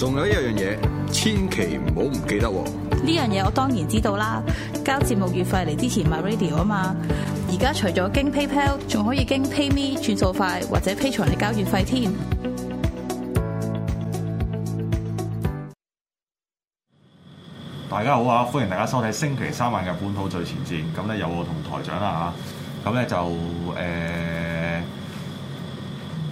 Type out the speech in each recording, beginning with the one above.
仲有一樣嘢，千祈唔好唔記得喎！呢樣嘢我當然知道啦，交節目月費嚟之前 m radio 啊嘛！而家除咗經 PayPal，仲可以經 PayMe 轉數快，或者 p a 批存嚟交月費添。大家好啊，歡迎大家收睇星期三晚嘅本土最前線。咁咧有我同台長啦吓。咁咧就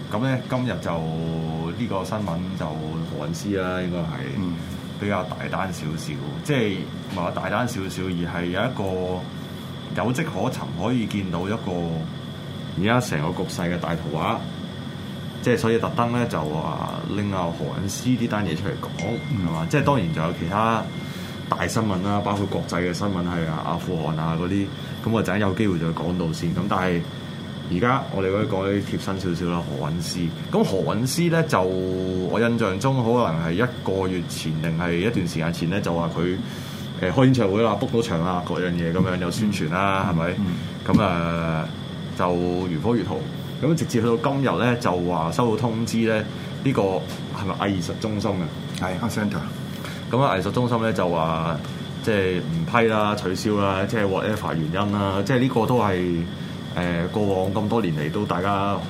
誒，咁咧今日就。欸呢個新聞就何韻詩啦，應該係、嗯、比較大單少少，即係唔係話大單少少，而係有一個有跡可尋，可以見到一個而家成個局勢嘅大圖畫，即係所以特登咧就話拎啊何韻詩呢單嘢出嚟講，係嘛、嗯？即係當然仲有其他大新聞啦，包括國際嘅新聞係啊阿富汗啊嗰啲，咁我陣間有機會再講到先，咁但係。而家我哋可以講啲貼身少少啦，何韻詩。咁何韻詩咧就我印象中可能係一個月前定係一段時間前咧，就話佢誒開演唱會啦，book 到場啊，各樣嘢咁樣有宣傳啦，係咪？咁啊，就如火如荼。咁直接去到今日咧，就話收到通知咧，呢個係咪藝術中心啊？係，Art Centre。咁啊藝術中心咧就話即係唔批啦，取消啦，即係 whatever 原因啦，即係呢個都係。誒過往咁多年嚟都大家好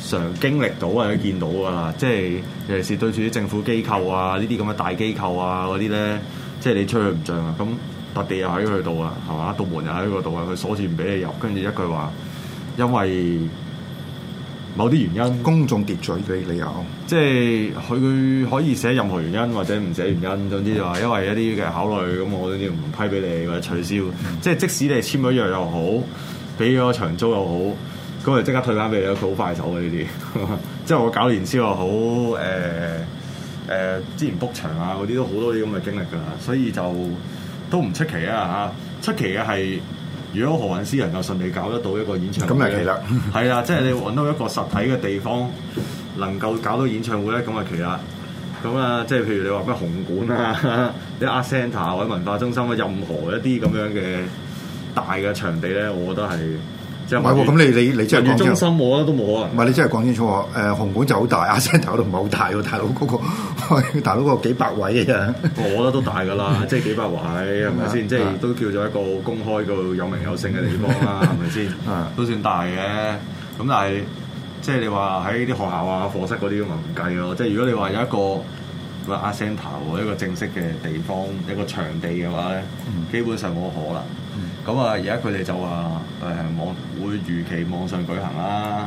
常經歷到啊，或者見到啊，即係尤其是對住啲政府機構啊，呢啲咁嘅大機構啊，嗰啲咧，即係你出去唔上啊，咁特地又喺佢度啊，係嘛，道門又喺嗰度啊，佢鎖住唔俾你入，跟住一句話，因為某啲原因，公眾秩序啲理由，即係佢可以寫任何原因或者唔寫原因，總之就係因為一啲嘅考慮，咁我都要唔批俾你或者取消，嗯、即係即使你簽咗約又好。俾咗場租又好，咁我哋即刻退翻俾你。好快手啊！呢啲， 即係我搞年宵又好，誒、呃、誒、呃，之前 book 場啊嗰啲都好多啲咁嘅經歷㗎啦。所以就都唔出奇啊嚇！出奇嘅係，如果何韻詩能夠順利搞得到一個演唱會，咁咪奇啦。係 啊，即係你揾到一個實體嘅地方，能夠搞到演唱會咧，咁咪奇啦。咁啊，即係譬如你話咩紅館啊， 你阿 Center 或者文化中心啊，任何一啲咁樣嘅。大嘅場地咧，我覺得係唔係喎？咁不你你你即係中心我、呃我，我覺得都冇啊。唔係，你真係講清楚誒，紅館就好大，阿 c e n t e r 嗰度唔係好大喎，大佬嗰個大佬嗰個幾百位嘅、啊、啫。我覺得都大噶啦， 即係幾百位係咪先？即係都叫做一個公開、個有名有姓嘅地方啦，係咪先？ 都算大嘅。咁但係即係你話喺啲學校啊、課室嗰啲咁咪唔計咯。即係如果你話有一個話啊 Center 一個正式嘅地方，一個場地嘅話咧，基本上冇可能。咁啊，而家佢哋就話誒網會如期網上舉行啦。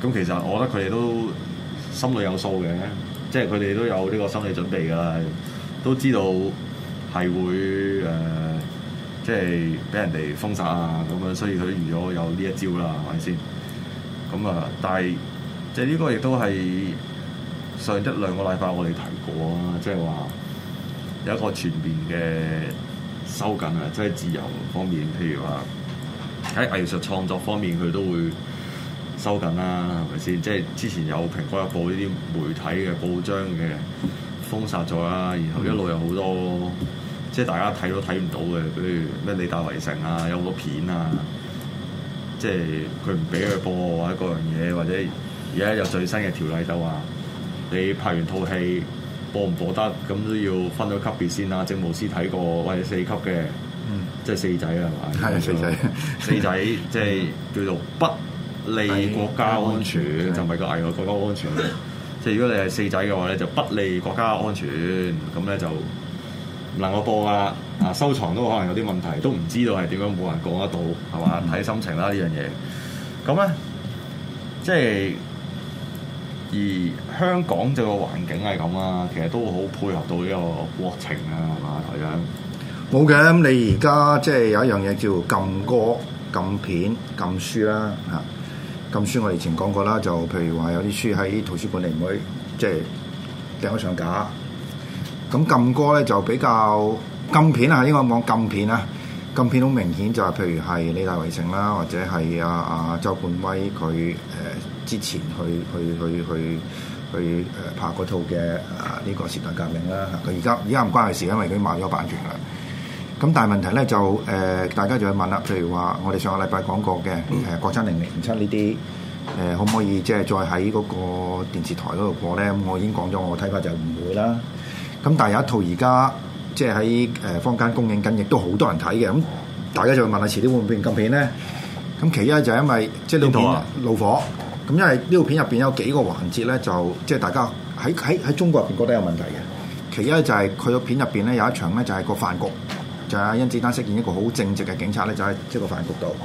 咁、嗯、其實我覺得佢哋都心裏有數嘅，即係佢哋都有呢個心理準備噶啦，都知道係會誒即係俾人哋封殺啊咁樣，所以佢預咗有呢一招啦，係咪先？咁啊，但係即係呢個亦都係上一兩個禮拜我哋提過啊，即係話有一個全面嘅。收緊啊！即係自由方面，譬如話喺藝術創作方面，佢都會收緊啦，係咪先？即係之前有蘋果日報呢啲媒體嘅報章嘅封殺咗啦，然後一路有好多即係大家睇都睇唔到嘅，譬如咩李大圍城啊，有好多片啊，即係佢唔俾佢播或者嗰樣嘢，或者而家有最新嘅條例就話你拍完套戲。播唔播得咁都要分咗級別先啦。政務司睇過，或者四級嘅，嗯、即係四仔係嘛？係四仔，四仔即係叫做不利國家安全，就唔係個危害國家安全。即係如果你係四仔嘅話咧，就不利國家安全。咁咧就唔能夠播啦。啊，收藏都可能有啲問題，都唔知道係點樣，冇人講得到，係嘛？睇、哎哎、心情啦、哎，樣樣樣呢樣嘢。咁咧，即係。而香港就個環境係咁啊，其實都好配合到呢個國情啊，係嘛？係啊，冇嘅。咁你而家即係有一樣嘢叫禁歌、禁片、禁書啦嚇。禁書我哋以前講過啦，就譬如話有啲書喺圖書館你唔會即係掟咗上架。咁禁歌咧就比較禁片啊，應該講禁片啊。禁片好明顯就係，譬如係理大圍城啦，或者係阿阿周冠威佢誒、呃、之前去去去去去誒拍嗰套嘅呢、啊呢個時代革命啦。佢而家而家唔關佢事，因為佢賣咗版權啦。咁但係問題咧就誒、呃，大家就去問啦。譬如話，我哋上個禮拜講過嘅誒、啊《國產零零七》呢啲誒，可唔可以即係再喺嗰個電視台嗰度播咧、嗯？我已經講咗，我嘅睇法就唔會啦。咁但係有一套而家。即係喺誒坊間供應緊，亦都好多人睇嘅。咁大家就會問下，遲啲會唔會變成禁片咧？咁其一就係因為即係呢套片怒、啊、火，咁因為呢套片入邊有幾個環節咧，就即係大家喺喺喺中國入邊覺得有問題嘅。其一就係佢個片入邊咧有一場咧就係個飯局，就阿、是、甄子丹飾演一個好正直嘅警察咧，就喺即係個飯局度。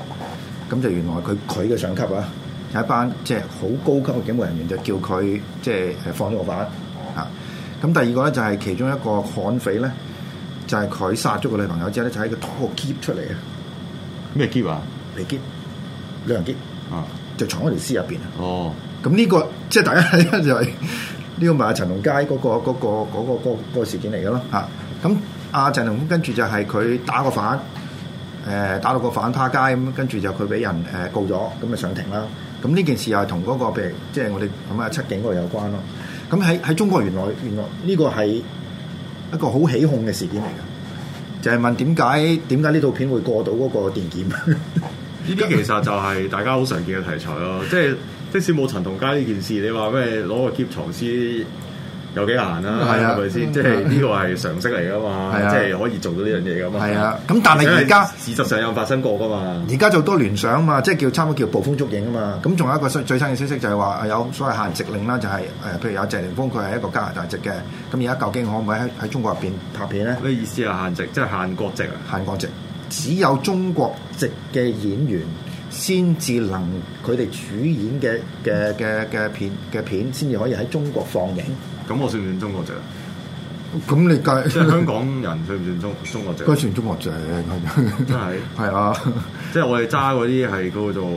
咁就原來佢佢嘅上級啊，有一班即係好高級嘅警務人員就叫佢即係放咗個犯啊。咁第二個咧就係其中一個悍匪咧。就係佢殺咗個女朋友之後咧，就喺、是、個篋出嚟 ke 啊！咩篋啊？旅行、旅行篋啊！就藏喺條屍入邊啊！哦！咁呢個即係大家睇咧就係呢個咪阿陳同佳嗰個嗰個嗰事件嚟嘅咯嚇。咁阿陳同跟住就係佢打個反，誒、呃、打到個反趴街咁，跟住就佢俾人誒告咗，咁咪上庭啦。咁呢件事又係同嗰個譬如即係、就是、我哋咁啊七警嗰個有關咯。咁喺喺中國原來原來呢個係。一個好起哄嘅事件嚟噶，就係、是、問點解點解呢套片會過到嗰個電檢？呢 啲其實就係大家好常見嘅題材咯，即係即使冇陳同佳呢件事，你話咩攞個喼藏屍？有幾難啦，係咪先？即係呢個係常識嚟噶嘛，即係、啊、可以做到呢樣嘢噶嘛。係啊，咁但係而家事實上有發生過噶嘛？而家就多聯想嘛，即、就、係、是、叫差唔多叫捕風捉影啊嘛。咁仲有一個最新嘅消息就係話有所謂限籍令啦，就係、是、誒，譬如有謝霆鋒佢係一個加拿大籍嘅，咁而家究竟可唔可以喺喺中國入邊拍片咧？咩意思啊？限籍即係限國籍啊？限國籍只有中國籍嘅演員。先至能佢哋主演嘅嘅嘅嘅片嘅片，先至可以喺中國放映。咁、 嗯、我算唔算中國籍啊？咁你計即係香港人算唔算中中國籍？嗰啲算中國籍，係咪？真係係啊！即係我哋揸嗰啲係叫做誒，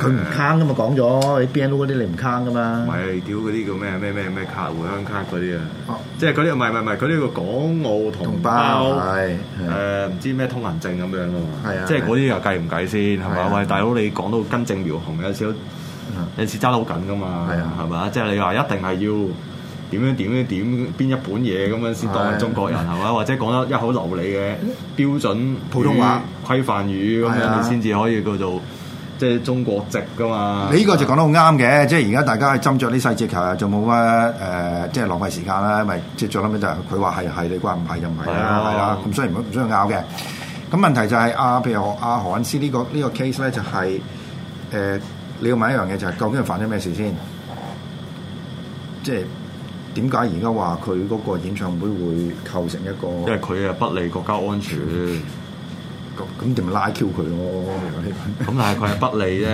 佢唔坑㗎嘛，講咗你邊度嗰啲你唔坑㗎嘛？唔係屌嗰啲叫咩咩咩咩，卡，回鄉卡嗰啲啊！即係嗰啲唔係唔係唔係，嗰啲叫港澳同胞誒唔知咩通行證咁樣啊。即係嗰啲又計唔計先係嘛？喂大佬，你講到根正苗紅有時有時揸得好緊㗎嘛？係啊係嘛？即係你話一定係要。點樣點樣點邊一本嘢咁樣先當係中國人係嘛？ 或者講得一口流利嘅標準普通話規範語咁、啊、樣，你先至可以叫做即係、就是、中國籍噶嘛？你呢個就講得好啱嘅。吧即係而家大家斟酌啲細節，球實仲冇乜誒，即係浪費時間啦。咪即係最後尾就係佢話係係你話唔係認為啦，係啦。咁所以唔好唔好去拗嘅。咁、啊啊啊、問題就係、是、阿、啊、譬如阿、啊、何韻詩呢、這個呢、這個 case 咧、就是，就係誒你要問一樣嘢，就係、是、究竟佢犯咗咩事先，即係。點解而家話佢嗰個演唱會會構成一個？因為佢啊不利國家安全，咁點 拉 Q 佢咯？咁 但係佢係不利啫，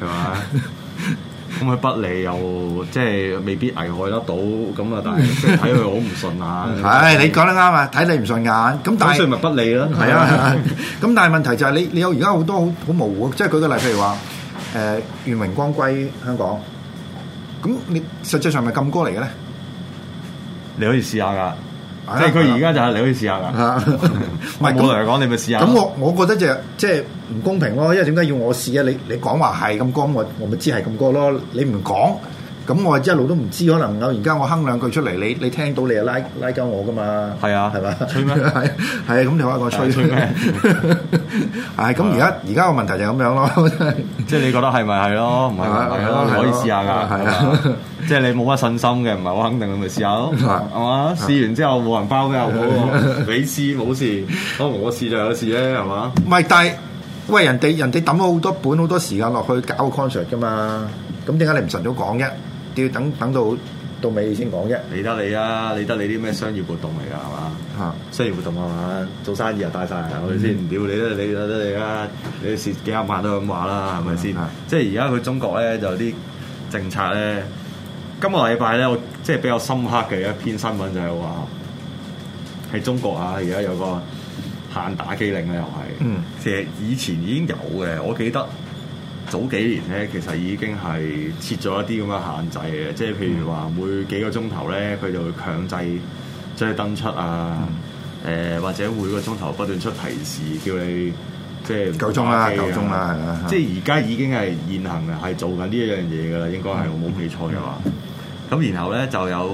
係咪？咁佢 不利又即係未必危害得到，咁啊！但係睇佢好唔順眼。係你講得啱啊，睇你唔順眼。咁但係雖然咪不利咯，係啊。咁但係問題就係你你有而家好多好模糊，即係舉個例，譬如話誒願榮光歸香港，咁你實際上咪禁歌嚟嘅咧？你可以試下㗎，即係佢而家就係你可以試下㗎，唔係我嚟講，你咪試下。咁我我覺得就係即係唔公平咯，因為點解要我試啊？你你講話係咁高，我我咪知係咁高咯。你唔講。咁我一路都唔知，可能偶然間我哼兩句出嚟，你你聽到你又拉拉鳩我噶嘛？係啊，係嘛？吹咩？係啊，咁，你可以吹。吹咩？係咁，而家而家個問題就係咁樣咯。即係你覺得係咪係咯？唔係咪咯？你可以試下㗎。係啊，即係你冇乜信心嘅，唔係我肯定你咪試下咯。係嘛？試完之後冇人包嘅，我冇？你試冇事，我試就有事咧，係嘛？唔係，但係喂人哋人哋抌咗好多本好多時間落去搞 concert 噶嘛？咁點解你唔晨早講嘅？要等等到到尾先講啫，理得你啊！理得你啲咩商業活動嚟㗎係嘛？嚇是！商業活動係嘛？做生意又帶晒人，嗯、我先唔屌你啦！你得你啦！你蝕幾廿萬都咁話啦，係咪先？嗯、即係而家去中國咧就有啲政策咧，今個禮拜咧我即係比較深刻嘅一篇新聞就係話喺中國嚇而家有個限打機令啦，又係嗯，其實以前已經有嘅，我記得。早幾年咧，其實已經係設咗一啲咁嘅限制嘅，即係譬如話每幾個鐘頭咧，佢就會強制即係登出啊，誒、嗯呃、或者每個鐘頭不斷出提示叫你即係夠鐘啦，夠鐘啦，係啊！啊即係而家已經係現行嘅，係做緊呢一樣嘢㗎啦，應該係我冇記錯嘅話。咁、嗯、然後咧就有誒、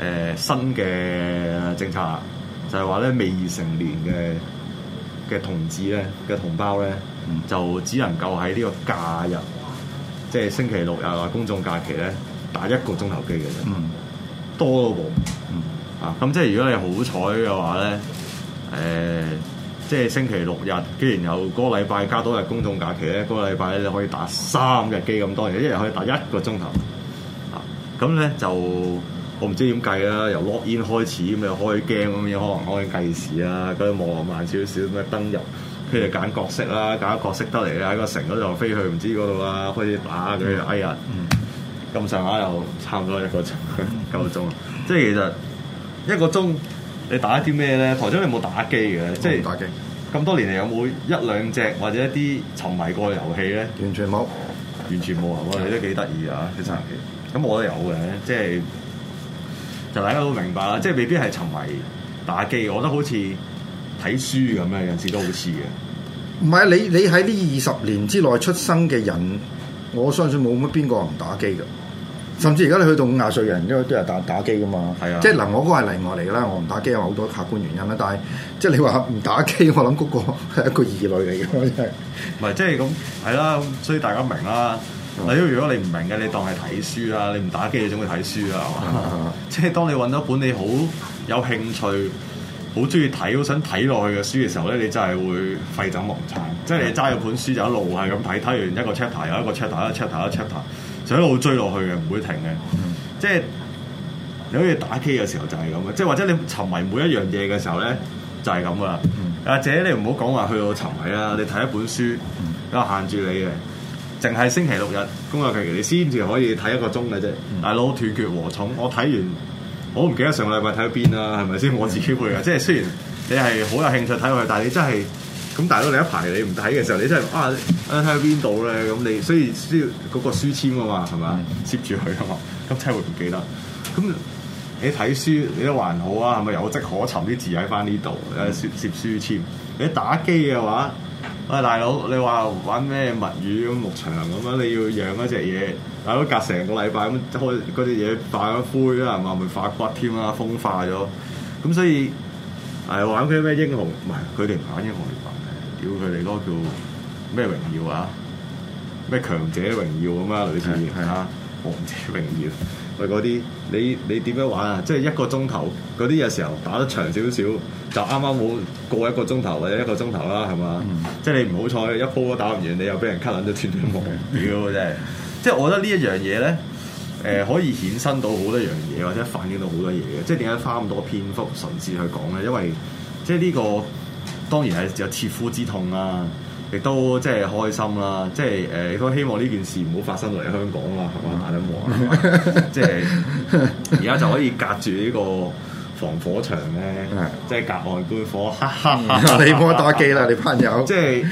呃、新嘅政策啦，就係話咧未成年嘅嘅同志咧嘅同胞咧。就只能夠喺呢個假日，即係星期六日或公眾假期咧，打一個鐘頭機嘅啫。嗯，多唔多？嗯，啊，咁即係如果你好彩嘅話咧，誒，即係星期六日，既然有嗰個禮拜加多日公眾假期咧，嗰個禮拜你可以打三日機咁多，一日可以打一個鐘頭。啊，咁咧就我唔知點計啦。由 log in 開始，咁又開 game，咁又可能開計時啊，嗰啲網絡慢少少，咁啊登入。佢哋揀角色啦，揀角色得嚟啦，喺個城嗰度飛去，唔知嗰度啦，開始打佢。嗯、哎呀，咁上下又差唔多，多一個鐘，夠鐘啊！即係其實一個鐘你打啲咩咧？台長你有冇打機嘅？打機即係咁多年嚟有冇一兩隻或者一啲沉迷過遊戲咧？完全冇，完全冇。我哋都幾得意啊其實。咁我都有嘅，即係就大家都明白啦。即係未必係沉迷打機，我覺得好似睇書咁，有陣時都好似嘅。唔係啊！你你喺呢二十年之內出生嘅人，我相信冇乜邊個唔打機嘅。甚至而家你去到五廿歲人都，都都係打打機噶嘛。係啊。即係嗱，我嗰個係例外嚟啦。我唔打機有好多客觀原因啦。但係即係你話唔打機，我諗嗰個係一個異類嚟嘅。唔係，即係咁係啦。所以大家明啦。嗯、如果你唔明嘅，你當係睇書啦。你唔打機，你總會睇書啦，嗯、 即係當你揾到本你好有興趣。好中意睇，好想睇落去嘅書嘅時候咧，你真係會廢寢忘餐。即係你揸住本書就一路係咁睇，睇完一個 chapter 又一個 chapter，一個 chapter，一個 chapter，就一路追落去嘅，唔會停嘅。嗯、即係你好似打機嘅時候就係咁嘅，即係或者你沉迷每一樣嘢嘅時候咧就係咁噶啦。阿、嗯、姐你唔好講話去到沉迷啦，你睇一本書都限住你嘅，淨係星期六日公眾假期你先至可以睇一個鐘嘅啫。嗯、大佬斷截禾蟲，我睇完。我唔記得上個禮拜睇到邊啦，係咪先？我自己會嘅，即係雖然你係好有興趣睇落去，但係你真係咁大佬，你一排你唔睇嘅時候，你真係啊啊睇到邊度咧？咁你，所以需要嗰個書籤啊嘛，係咪啊？攝住佢啊嘛，咁真係會唔記得。咁你睇書你都還好啊，係咪有跡可尋啲字喺翻呢度誒？攝攝書籤。你打機嘅話。啊，大佬，你話玩咩物語咁牧場咁啊？你要養一隻嘢，大佬隔成個禮拜咁開嗰隻嘢化咗灰啦，係咪發骨添啊？風化咗，咁所以係玩嗰啲咩英雄？唔係佢哋唔玩英雄嚟玩屌佢哋嗰個，叫咩榮耀啊？咩強者榮耀咁啊？類似係啊，王者榮耀。佢啲，你你點樣玩啊？即係一個鐘頭，嗰啲有時候打得長少少，就啱啱好過一個鐘頭或者一個鐘頭啦，係嘛？嗯、即係你唔好彩，一鋪都打唔完，你又俾人 cut 撚咗斷斷續續，嗯，屌真係！即係我覺得呢一樣嘢咧，誒、呃、可以衍生到好多樣嘢，或者反映到好多嘢嘅。即係點解花咁多篇幅順勢去講咧？因為即係、這、呢個當然係有切膚之痛啦、啊。亦都即係開心啦，即係誒，亦都希望呢件事唔好發生落嚟香港啊，係嘛？大家望，即係而家就可以隔住呢個防火牆咧，即係隔岸觀火，黑黑。你幫我打機啦，你朋友。即係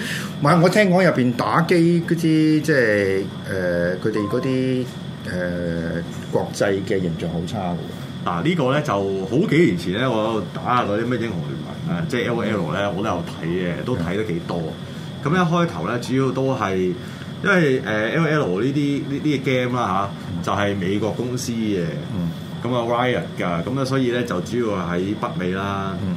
唔係？我聽講入邊打機嗰啲，即係誒佢哋嗰啲誒國際嘅形象好差㗎。嗱呢個咧就好幾年前咧，我打下嗰啲咩英雄聯盟啊，即係 L O L 咧，我都有睇嘅，都睇得幾多。咁一開頭咧，主要都係因為誒、呃、L L 呢啲呢啲 game 啦嚇，就係、是、美國公司嘅，咁啊 Riot 㗎，咁咧、嗯、所以咧就主要喺北美啦，誒、嗯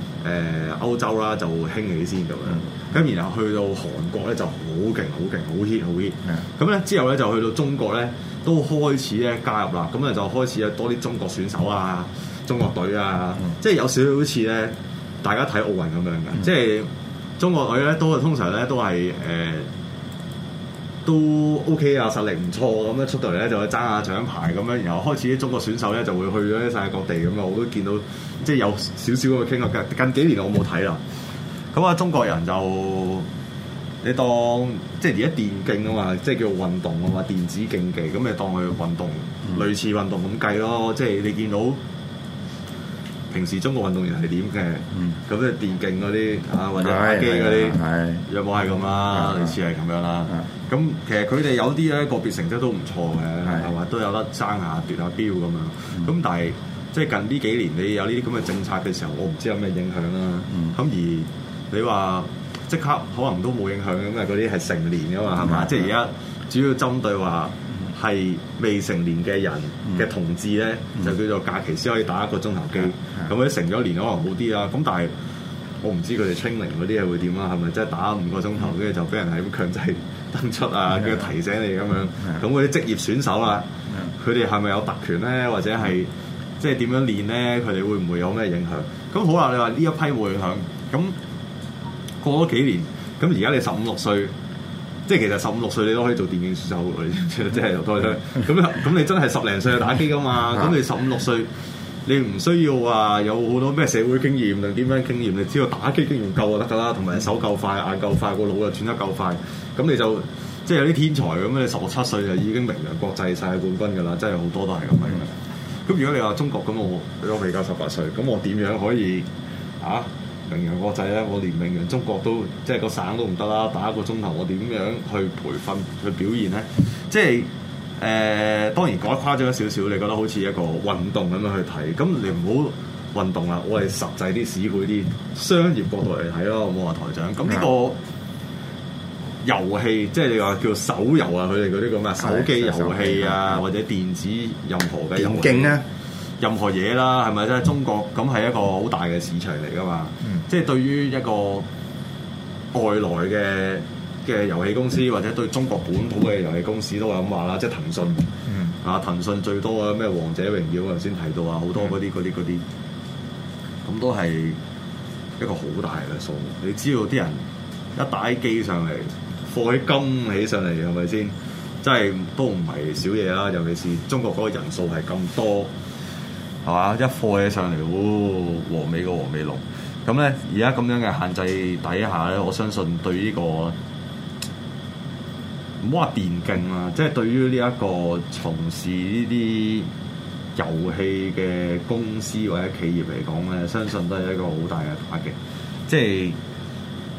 呃、歐洲啦就興起先咁樣，咁、嗯、然後去到韓國咧就好勁好勁好 hit 好 hit 咁咧之後咧就去到中國咧都開始咧加入啦，咁啊就開始啊多啲中國選手啊、中國隊啊，嗯嗯、即係有少少好似咧大家睇奧運咁樣嘅，即係。中國女咧都通常咧都係誒、呃、都 OK 啊，實力唔錯咁出到嚟咧就去爭下獎牌咁樣，然後開始中國選手咧就會去咗世界各地咁啊，我都見到即係有少少去傾啊。近近幾年我冇睇啦。咁啊，中國人就你當即係而家電競啊嘛，即係叫運動啊嘛，電子競技咁你當佢運動，嗯、類似運動咁計咯。即係你見到。.平時中國運動員係點嘅？咁咧、嗯、電競嗰啲啊，或者打機嗰啲，有冇係咁啦，類似係咁樣啦。咁其實佢哋有啲咧個別成績都唔錯嘅，係嘛？對都有得爭下奪下標咁樣。咁、嗯、但係即係近呢幾年你有呢啲咁嘅政策嘅時候，我唔知有咩影響啦、啊。咁、嗯、而你話即刻可能都冇影響咁啊？因為嗰啲係成年嘅嘛係嘛？即係而家主要針對話。係未成年嘅人嘅、嗯、同志咧，嗯、就叫做假期先可以打一個鐘頭機。咁啲、嗯、成咗年可能好啲啦。咁、嗯、但係我唔知佢哋清零嗰啲係會點啦。係咪即係打五個鐘頭，跟住就俾人係咁強制登出啊？跟住、嗯、提醒你咁樣。咁嗰啲職業選手啦、啊，佢哋係咪有特權咧？或者係、嗯、即係點樣練咧？佢哋會唔會有咩影響？咁好啦，你話呢一批會響。咁過咗幾年，咁而家你十五六歲。即係其實十五六歲你都可以做電競選手，即係又多咗。咁咧，咁你真係十零歲就打機噶嘛？咁、啊、你十五六歲，你唔需要話有好多咩社會經驗定點樣經驗，你只要打機經驗夠就得噶啦，同埋手夠快、眼夠快、個腦又轉得夠快，咁你就即係有啲天才咁。你十六七歲就已經名揚國際世界冠軍噶啦，真係好多都係咁樣。咁、嗯、如果你話中國咁，我我比較十八歲，咁我點樣可以啊？名揚國際咧，我連名揚中國都即係個省都唔得啦！打一個鐘頭，我點樣去培訓去表現咧？即係誒、呃，當然改得誇張少少，你覺得好似一個運動咁樣去睇。咁你唔好運動啦，我係實際啲、市儈啲、商業角度嚟睇咯，冇話台長。咁呢個遊戲，即係你話叫手遊啊、這個，佢哋嗰啲咁嘅手機遊戲啊，或者電子任何嘅電競啊。任何嘢啦，係咪即係？中國咁係一個好大嘅市場嚟㗎嘛，嗯、即係對於一個外來嘅嘅遊戲公司，或者對中國本土嘅遊戲公司都係咁話啦。即係騰訊，嗯、啊騰訊最多啊，咩王者榮耀頭先提到啊，好多嗰啲嗰啲嗰啲，咁、嗯、都係一個好大嘅數目。你知道啲人一打機上嚟，課金起上嚟，係咪先？真係都唔係少嘢啦，尤其是中國嗰個人數係咁多。係嘛？一貨起上嚟，哇、哦！和味個和味龍咁咧，而家咁樣嘅限制底下咧，我相信對呢、這個唔好話電競啦，即、就、係、是、對於呢一個從事呢啲遊戲嘅公司或者企業嚟講咧，相信都係一個好大嘅打擊。即係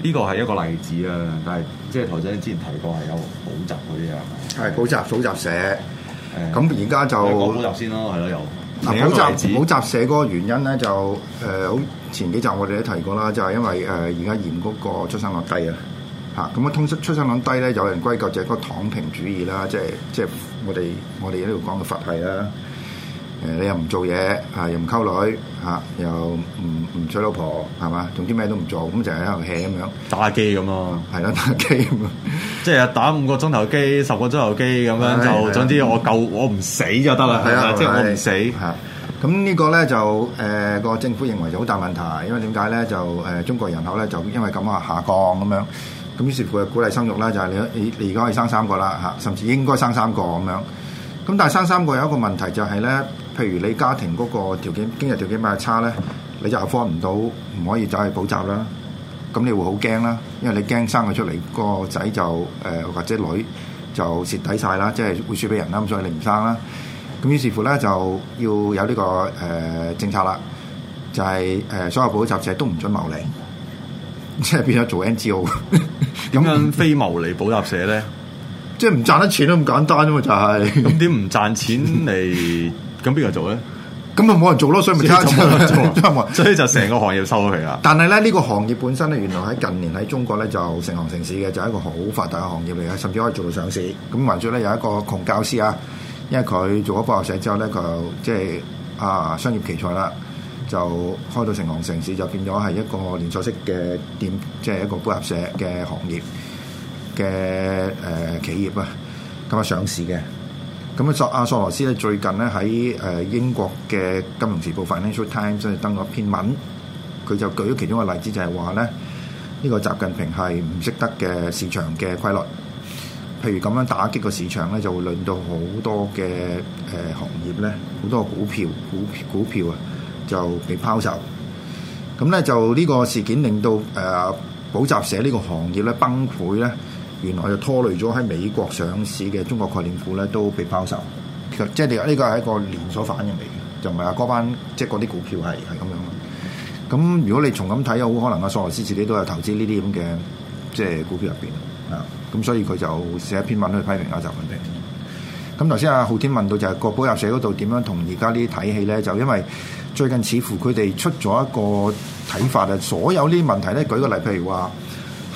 呢個係一個例子啊！但係即係頭先之前提過係有補習嗰啲啊，係補習補習社。咁而家就講補習先咯，係咯又。有啊！補習補習社嗰個原因咧，就誒好、呃、前幾集我哋都提過啦，就係、是、因為誒而家嚴嗰個出生率低啊！嚇咁啊，通識出生率低咧，有人歸咎就係嗰躺平主義啦、啊，即係即係我哋我哋呢度講嘅佛系啦。啊誒你又唔做嘢，嚇又唔溝女，嚇又唔唔娶老婆，係嘛？總之咩都唔做，咁就喺度 hea 咁樣打機咁咯，係咯打機咁即係打五個鐘頭機、十個鐘頭機咁樣，的就總之我夠我唔死就得啦，係啊！即係我唔死。咁呢個咧就誒個、呃、政府認為就好大問題，因為點解咧就誒、呃、中國人口咧就因為咁啊下降咁樣，咁於是乎誒鼓勵生育啦，就係、是、你你你而家可以生三個啦嚇，甚至應該生三個咁樣。咁但係生三個有一個問題就係咧。譬如你家庭嗰個條件，經濟條件咪係差咧，你就方唔到，唔可以走去補習啦。咁你會好驚啦，因為你驚生咗出嚟，個仔就誒、呃、或者女就蝕底晒啦，即係會輸俾人啦，咁所以你唔生啦。咁於是乎咧，就要有呢、這個誒、呃、政策啦，就係、是、誒所有補習社都唔准牟利，即係變咗做 NGO 咁樣非牟利補習社咧，即係唔賺得錢都咁簡單啫嘛、就是，就係。咁點唔賺錢嚟？ 咁邊個做咧？咁啊冇人做咯，所以咪差唔多，所以就成 個行業收咗皮啦。 但係咧，呢、這個行業本身咧，原來喺近年喺中國咧就成行城市嘅，就是、一個好發達嘅行業嚟嘅，甚至可以做到上市。咁雲雀咧有一個窮教師啊，因為佢做咗補習社之後咧，佢就即、是、係啊商業奇才啦，就開到成行成市，就變咗係一個連鎖式嘅店，即、就、係、是、一個補習社嘅行業嘅誒、呃、企業啊，咁啊上市嘅。咁索阿索羅斯咧，最近咧，喺誒英國嘅金融時報 Financial Times 登咗篇文，佢就舉咗其中嘅例子就，就係話咧呢個習近平係唔識得嘅市場嘅規律，譬如咁樣打擊個市場咧，就會令到好多嘅誒行業咧，好多股票股股票啊，票就被拋售。咁咧就呢個事件令到誒補習社呢個行業咧崩潰咧。原來就拖累咗喺美國上市嘅中國概念股咧，都被拋售。其實即係呢個係一個連鎖反應嚟嘅，就唔係啊嗰班即係嗰啲股票係係咁樣咯。咁如果你從咁睇，好可能阿索羅斯自己都有投資呢啲咁嘅即係股票入邊啊。咁所以佢就寫一篇文去批評啊習近平。咁頭先阿浩天問到就係國寶入社嗰度點樣同而家呢啲睇戲咧？就因為最近似乎佢哋出咗一個睇法啊，所有呢啲問題咧，舉個例，譬如話。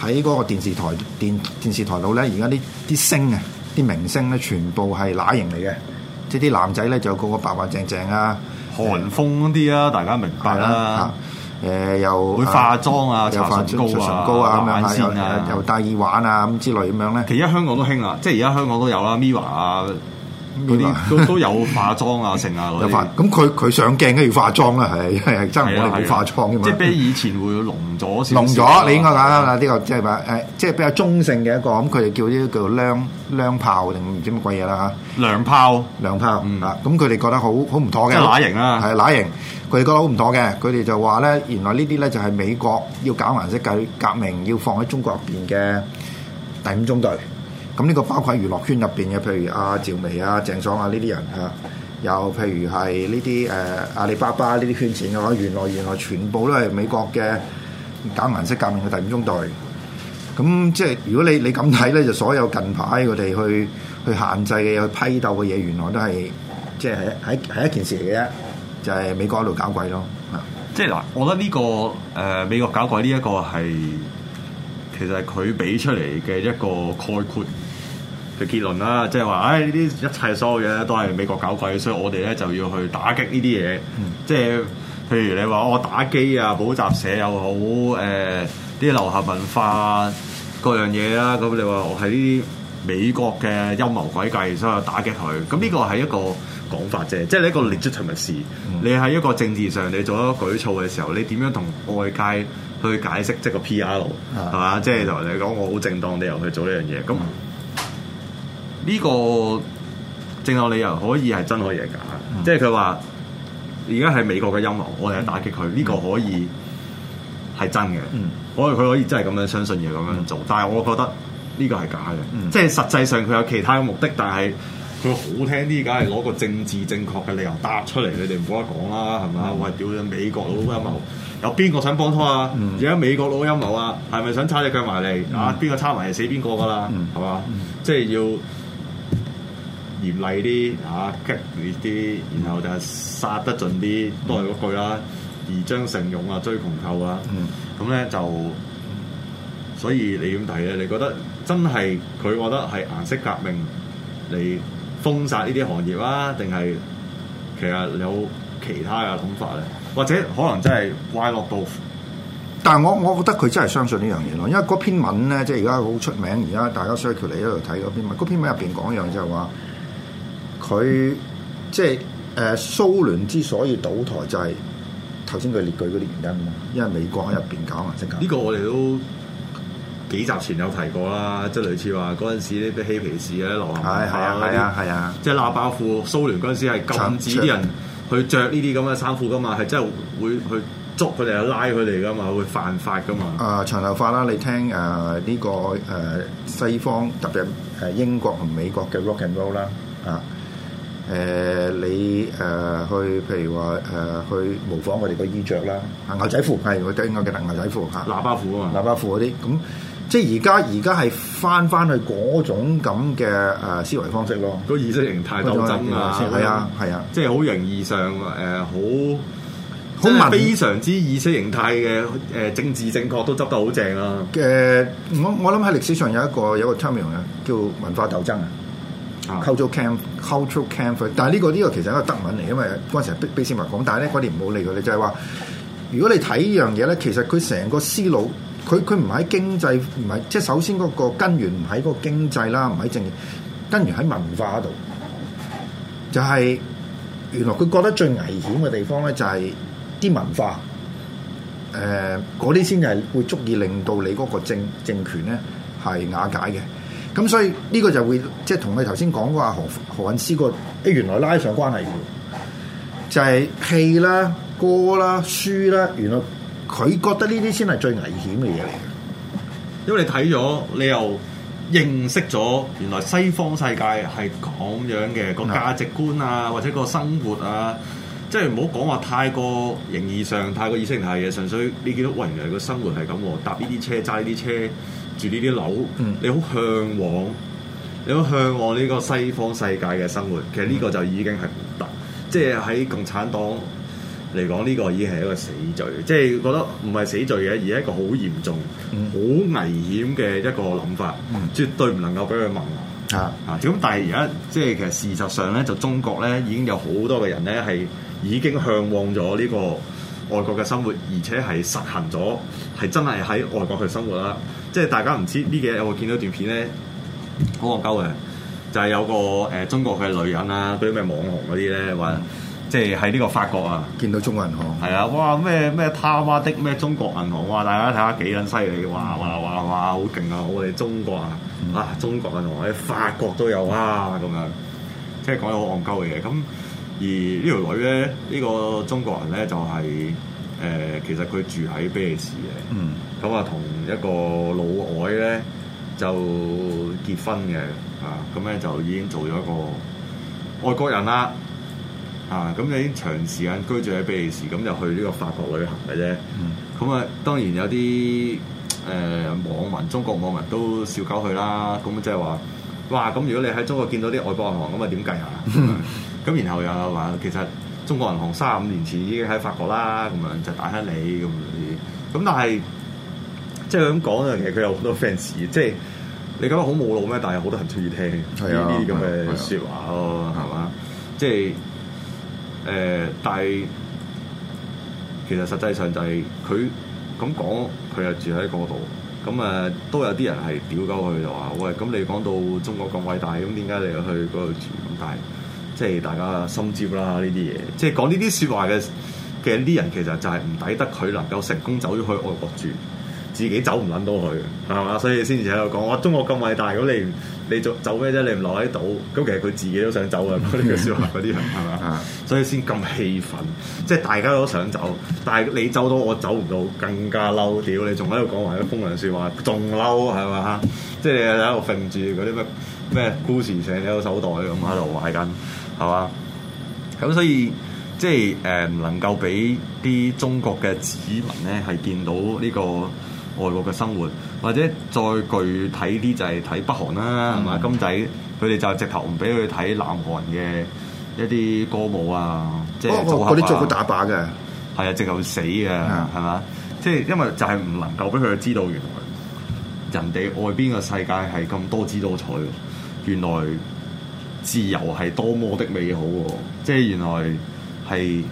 喺嗰個電視台電電視台度咧，而家啲啲星啊，啲明星咧，全部係乸型嚟嘅，即係啲男仔咧就個個白白淨淨啊，韓風嗰啲啊，嗯、大家明白啦。誒、嗯呃，又會化妝啊，搽唇膏啊，眼線啊，啊又戴、啊、耳環啊咁之類咁樣咧、啊。其實而家香港都興啦、啊，即係而家香港都有啦，Miva 啊。啲都都有化妝啊，成啊嗰有化咁佢佢上鏡都要化妝啦，係係係真唔可能唔化妝嘅嘛。 即係比以前會濃咗少少。濃咗你應該講啦，呢是的 個即係話誒，即係比較中性嘅一個咁，佢哋叫呢啲叫做娘娘的炮定唔知乜鬼嘢啦嚇。娘炮娘炮啊！咁佢哋覺得好好唔妥嘅。乸型啦、啊，係乸型，佢哋覺得好唔妥嘅。佢哋就話咧，原來呢啲咧就係美國要搞顏色計革命，要放喺中國入邊嘅第五中隊。咁呢個包括娛樂圈入邊嘅，譬如阿、啊、趙薇啊、鄭爽啊呢啲人嚇，又譬如係呢啲誒阿里巴巴呢啲圈錢嘅，原來原來全部都係美國嘅搞顏色革命嘅第五縱隊。咁即係如果你你咁睇咧，就所有近排佢哋去去限制嘅、去批鬥嘅嘢，原來都係即係喺喺係一件事嚟嘅啫，就係、是、美國喺度搞鬼咯嚇。即係嗱，我覺得呢、這個誒、呃、美國搞鬼呢一個係其實佢俾出嚟嘅一個概括。嘅結論啦，即係話，誒呢啲一切所有嘢都係美國搞鬼，所以我哋咧就要去打擊呢啲嘢，即係譬如你話我、哦、打機啊，補習社又好，誒、呃、啲流行文化、啊、各樣嘢啦，咁、嗯嗯嗯、你話我喺呢啲美國嘅陰謀詭計，所以打擊佢，咁呢個係一個講法啫，即、就、係、是、一個 legitimize。你喺一個政治上你做一個舉措嘅時候，你點樣同外界去解釋，即係個 P R 係嘛？即係同你講，我好正當地又去做呢樣嘢咁。嗯嗯。呢個正確理由可以係真可以係假，嗯、即係佢話而家係美國嘅陰謀，我哋係打擊佢，呢、呢個可以係真嘅，我哋佢可以真係咁樣相信而咁樣做。但係我覺得呢個係假嘅，嗯、即係實際上佢有其他嘅目的，但係佢好聽啲，梗係攞個政治正確嘅理由答出嚟，你哋唔好得講啦，係嘛？喂，屌，美國佬陰謀，有邊個想幫拖啊？而家、嗯、美國佬陰謀啊，係咪想叉隻腳埋嚟、嗯、啊？邊個叉埋嚟死邊個㗎啦？係嘛？即係要。嚴厲啲嚇，激烈啲，然後就係殺得盡啲，都係嗰句啦。宜將剩勇啊，追窮寇啊，咁咧、嗯、就，所以你點睇咧？你覺得真係佢覺得係顏色革命嚟封殺呢啲行業啊，定係其實有其他嘅諗法咧？或者可能真係怪落到，但係我我覺得佢真係相信呢樣嘢咯，因為嗰篇文咧，即係而家好出名，而家大家 search 嚟一路睇嗰篇文。嗰篇文入邊講樣就係、是、話。佢即係誒、呃、蘇聯之所以倒台，就係頭先佢列舉嗰啲原因，因為美國喺入邊搞顏色革，呢個我哋都幾集前有提過啦。即係類似話嗰陣時啲啲嬉皮士嗰啲流行啊，係啊係啊，即係喇包褲。蘇聯嗰陣時係禁止啲人去着呢啲咁嘅衫褲噶嘛，係真係會去捉佢哋啊，拉佢哋噶嘛，會犯法噶嘛。啊，長流化啦，你聽誒呢個誒西方特別係英國同美國嘅 rock and roll 啦，啊。誒、呃、你誒、呃、去，譬如話誒、呃、去模仿我哋個衣着啦，行牛仔褲係我聽我叫牛仔褲嚇，喇叭褲啊嘛，喇叭褲嗰啲咁，即係而家而家係翻翻去嗰種咁嘅誒思維方式咯，個意識形態都鬥爭啊，係啊係啊，即係好形意上誒好好非常之意識形態嘅誒政治正確都執得好正啊嘅，我我諗喺歷史上有一個有一個 term 嘅叫文化鬥爭啊。構造 camp cultural c a 但係呢個呢個其實係一個德文嚟，因為嗰陣時俾俾斯麥講，但係咧嗰啲唔好理佢，你就係話，如果你睇呢樣嘢咧，其實佢成個思路，佢佢唔喺經濟，唔係即係首先嗰個根源唔喺嗰個經濟啦，唔喺政治根源，喺文化度，就係原來佢覺得最危險嘅地方咧就係啲文化，誒嗰啲先係會足以令到你嗰個政政權咧係瓦解嘅。咁所以呢個就會即係同你頭先講過何何韻詩個誒原來拉上關係嘅，就係、是、戲啦、歌啦、書啦，原來佢覺得呢啲先係最危險嘅嘢嚟嘅。因為你睇咗，你又認識咗原來西方世界係咁樣嘅個的價值觀啊，或者個生活啊，即係唔好講話太過形而上，太過意識形態嘅，純粹你見到喂，原來個生活係咁喎，搭呢啲車，揸呢啲車，住呢啲樓，嗯、你好向往，你好向往呢個西方世界嘅生活。其實呢個就已經係唔得，即係喺共產黨嚟講，呢、呢個已經係一個死罪。即、就、係、是、覺得唔係死罪嘅，而係一個好嚴重、好、嗯、危險嘅一個諗法，嗯、絕對唔能夠俾佢問我。啊、嗯、啊！咁但係而家即係其實事實上咧，就中國咧已經有好多嘅人咧係已經向往咗呢、呢個。外國嘅生活，而且係實行咗，係真係喺外國去生活啦。即係大家唔知呢幾日有冇見到段片咧，好戇鳩嘅，就係、是、有個誒、呃、中國嘅女人啊，嗰啲咩網紅嗰啲咧，話即係喺呢個法國啊，見到中國銀行。係啊，哇咩咩他媽的咩中國銀行哇、啊！大家睇下幾撚犀利哇哇哇哇好勁啊！我哋中國、嗯、啊啊中國銀行喺法國都有啊咁樣，即係講好戇鳩嘅嘢咁。而呢條女咧，呢、這個中國人咧就係、是、誒、呃，其實佢住喺比利時嘅，咁啊同一個老外咧就結婚嘅，啊咁咧就已經做咗一個外國人啦，啊咁你已經長時間居住喺比利時，咁就去呢個法國旅行嘅啫。咁啊、嗯嗯，當然有啲誒、呃、網民，中國網民都笑鳩佢啦。咁即係話，哇！咁如果你喺中國見到啲外國銀行咁啊，點計啊？嗯嗯。咁然後又話其實中國銀行三十五年前已經喺法國啦，咁樣就打乞你咁樣啲。咁但係即係佢咁講啊，其實佢有好多 fans。即係你覺得好冇腦咩？但係好多人中意聽呢啲咁嘅説話咯，係嘛、啊啊？即係誒、呃，但係其實實際上就係佢咁講，佢又住喺嗰度。咁啊、呃，都有啲人係屌鳩佢就話：喂，咁你講到中國咁偉大，咁點解你又去嗰度住？咁但係。即係大家心照啦，呢啲嘢，即係講呢啲説話嘅，其實啲人其實就係唔抵得佢能夠成功走咗去外國住，自己走唔撚到佢嘅，係嘛？所以先至喺度講，我、啊、中國咁偉大，咁你你做走咩啫？你唔留喺度，咁其實佢自己都想走嘅。呢句説話嗰啲人係嘛？ 所以先咁氣憤，即係大家都想走，但係你走到我走唔到，更加嬲！屌你仲喺度講埋啲風涼説話，仲嬲係嘛？即係你喺度揈住嗰啲乜咩故事，寫喺個手袋咁喺度懷緊。係嘛？咁所以即係誒，唔、呃、能夠俾啲中國嘅子民咧係見到呢個外國嘅生活，或者再具體啲就係睇北韓啦、啊，係嘛吧？金仔佢哋就直頭唔俾佢睇南韓嘅一啲歌舞啊，即係嗰啲足夠打靶嘅，係啊，哦哦哦、直頭會死嘅，係嘛、嗯？即係因為就係唔能夠俾佢知道原來人哋外邊嘅世界係咁多姿多彩原來。自由係多麼的美好、啊，即係原來係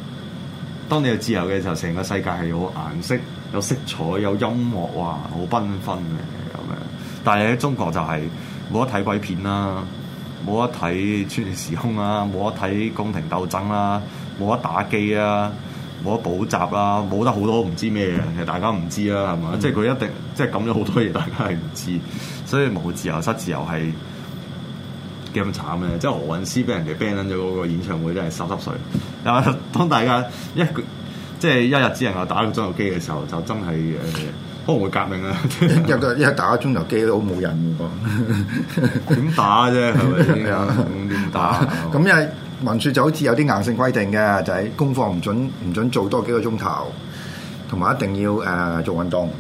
當你有自由嘅時候，成個世界係有顏色、有色彩、有音樂，哇，好繽紛嘅咁樣。但係喺中國就係、是、冇得睇鬼片啦、啊，冇得睇穿越時空啦、啊，冇得睇宮廷鬥爭啦、啊，冇得打機啊，冇得補習啦，冇得好多唔知咩嘅。其實大家唔知啦，係嘛、嗯？即係佢一定即係咁咗好多嘢，大家係唔知，所以冇自由、失自由係。咁慘嘅，即係何韻詩俾人哋 ban 咗嗰個演唱會，真係濕濕碎。但係當大家一即係一日只能夠打個鐘頭機嘅時候，就真係可能會革命啊 一打一 打鐘頭機都好冇癮喎，點 打啫？係咪啊？點打？咁因為文説就好似有啲硬性規定嘅，就係功課唔準唔準做多幾個鐘頭，同埋一定要誒、呃、做運動。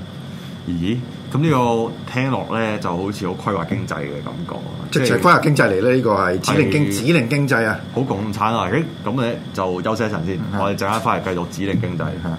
咦？咁呢個聽落咧就好似好規劃經濟嘅感覺，即係規劃經濟嚟咧。呢、呢個係指，是指令經指令經濟啊，好共產啊！咁嘅就休息一陣先，是的 我哋陣間翻嚟繼續指令經濟。是的